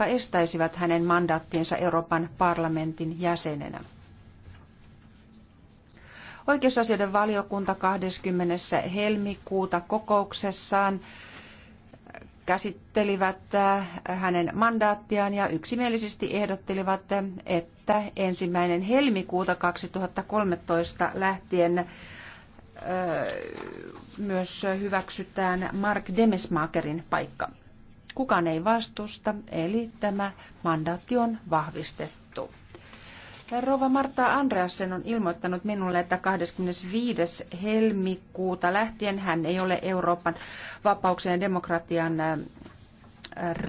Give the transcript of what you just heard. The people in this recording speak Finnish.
jotka estäisivät hänen mandaattiensa Euroopan parlamentin jäsenenä. Oikeusasioiden valiokunta 20. helmikuuta kokouksessaan käsittelivät äh, hänen mandaattiaan ja yksimielisesti ehdottelivat, että ensimmäinen helmikuuta 2013 lähtien äh, myös hyväksytään Mark Demesmakerin paikka. Kukaan ei vastusta, eli tämä mandaatti on vahvistettu. Rova Marta Andreasen on ilmoittanut minulle, että 25. helmikuuta lähtien hän ei ole Euroopan vapauksien ja demokratian